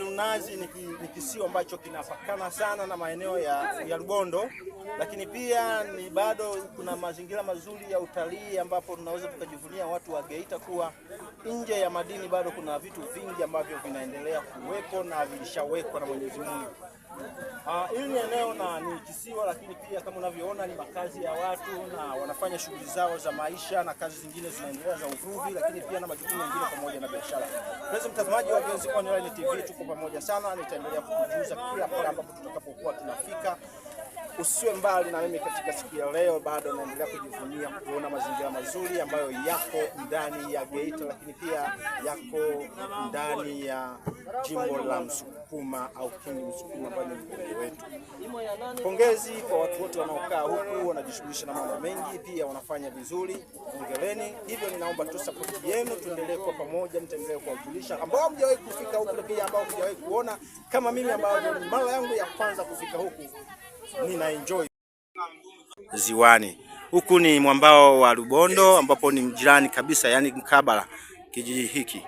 Lunazi ni kisiwa ambacho kinapakana sana na maeneo ya, ya Rubondo, lakini pia ni bado kuna mazingira mazuri ya utalii ambapo tunaweza tukajivunia watu wa Geita kuwa nje ya madini bado kuna vitu vingi ambavyo vinaendelea kuwepo na vilishawekwa na Mwenyezi Mungu. Hili eneo na ni kisiwa, lakini pia kama unavyoona ni makazi ya watu na wanafanya shughuli zao za maisha na kazi zingine zinaendelea za uvuvi, lakini pia na majukumu mengine pamoja na biashara. Mpenzi mtazamaji wa Genzi Online TV, tuko pamoja sana, nitaendelea kukujuza kila pale ambapo tutakapokuwa tunafika. Usiwe mbali na mimi katika siku ya leo, bado naendelea kujivunia kuona mazingira mazuri ambayo yako ndani ya Geita, lakini pia yako ndani ya jimbo la Msukuma au Kingi Msukuma ambayo Pongezi kwa watu wote wanaokaa huku wanajishughulisha na mambo mengi, pia wanafanya vizuri, ongeleni. Hivyo ninaomba tu support yenu, tuendelee kwa pamoja, mtendelee kuwajulisha ambao hamjawahi kufika huku, pia ambao hamjawahi kuona kama mimi, ambao mara yangu ya kwanza kufika huku, nina enjoy ziwani huku. Ni mwambao wa rubondo ambapo ni mjirani kabisa, yani mkabala kijiji hiki.